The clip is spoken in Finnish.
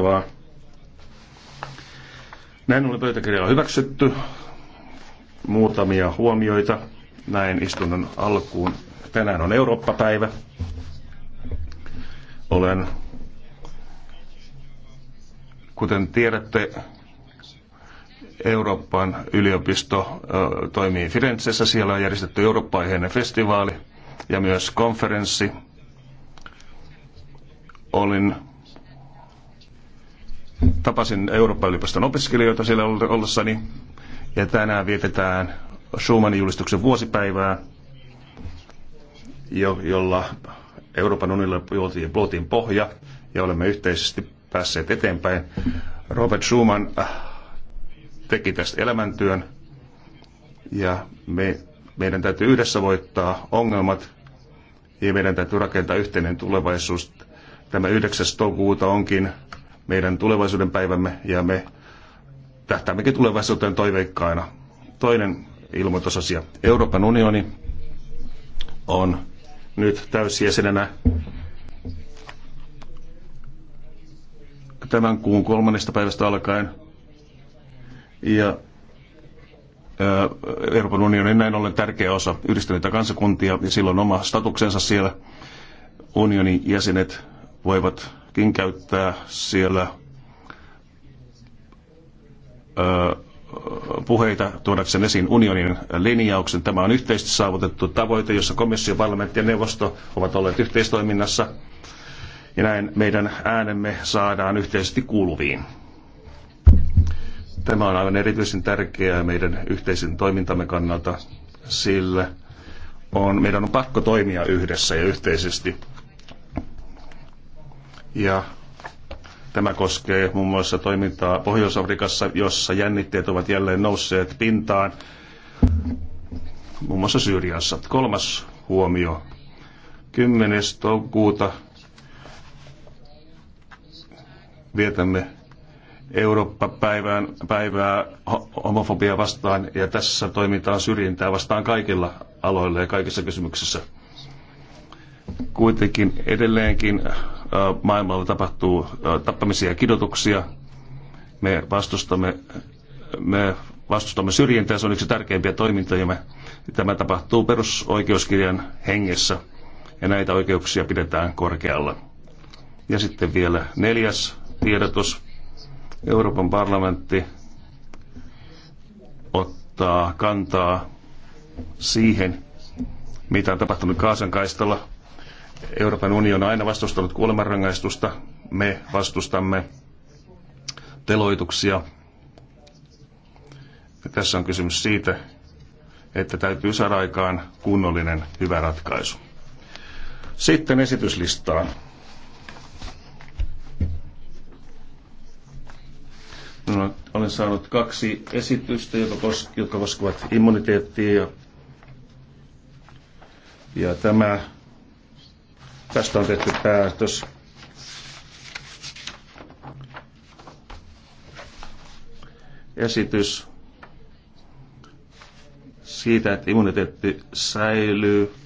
huomautettavaa. Näin oli pöytäkirjalla hyväksytty. Muutamia huomioita näin istunnon alkuun. Tänään on Eurooppa-päivä. Olen, kuten tiedätte, Euroopan yliopisto toimii Firenzessä. Siellä on järjestetty Eurooppa-aiheinen festivaali ja myös konferenssi. Olin tapasin Euroopan yliopiston opiskelijoita siellä ollessani ja tänään vietetään Schumannin julistuksen vuosipäivää, jo, jolla Euroopan unionilla luotiin pohja ja olemme yhteisesti päässeet eteenpäin. Robert Schumann äh, teki tästä elämäntyön ja me, meidän täytyy yhdessä voittaa ongelmat ja meidän täytyy rakentaa yhteinen tulevaisuus. Tämä 9. toukokuuta onkin meidän tulevaisuuden päivämme ja me tähtäämmekin tulevaisuuteen toiveikkaina. Toinen ilmoitusasia. Euroopan unioni on nyt täysjäsenenä tämän kuun kolmannesta päivästä alkaen. Ja Euroopan unionin näin ollen tärkeä osa yhdistyneitä kansakuntia ja silloin oma statuksensa siellä. Unionin jäsenet voivat Kiinassakin käyttää siellä puheita tuodakseen esiin unionin linjauksen. Tämä on yhteisesti saavutettu tavoite, jossa komissio, parlamentti ja neuvosto ovat olleet yhteistoiminnassa. Ja näin meidän äänemme saadaan yhteisesti kuuluviin. Tämä on aivan erityisen tärkeää meidän yhteisen toimintamme kannalta, sillä on, meidän on pakko toimia yhdessä ja yhteisesti ja Tämä koskee muun muassa toimintaa Pohjois-Afrikassa, jossa jännitteet ovat jälleen nousseet pintaan, muun muassa Syyriassa. Kolmas huomio. 10. toukokuuta vietämme eurooppa päivään päivää homofobia vastaan, ja tässä toimitaan syrjintää vastaan kaikilla aloilla ja kaikissa kysymyksissä. Kuitenkin edelleenkin maailmalla tapahtuu tappamisia ja kidutuksia. Me vastustamme, me vastustamme syrjintää, se on yksi tärkeimpiä Me, Tämä tapahtuu perusoikeuskirjan hengessä ja näitä oikeuksia pidetään korkealla. Ja sitten vielä neljäs tiedotus. Euroopan parlamentti ottaa kantaa siihen, mitä on tapahtunut Kaasan kaistalla Euroopan unioni on aina vastustanut kuolemanrangaistusta. Me vastustamme teloituksia. Ja tässä on kysymys siitä, että täytyy saada aikaan kunnollinen hyvä ratkaisu. Sitten esityslistaan. No, olen saanut kaksi esitystä, jotka koskevat immuniteettia. ja tämä Tästä on tehty päätös. Esitys siitä, että immuniteetti säilyy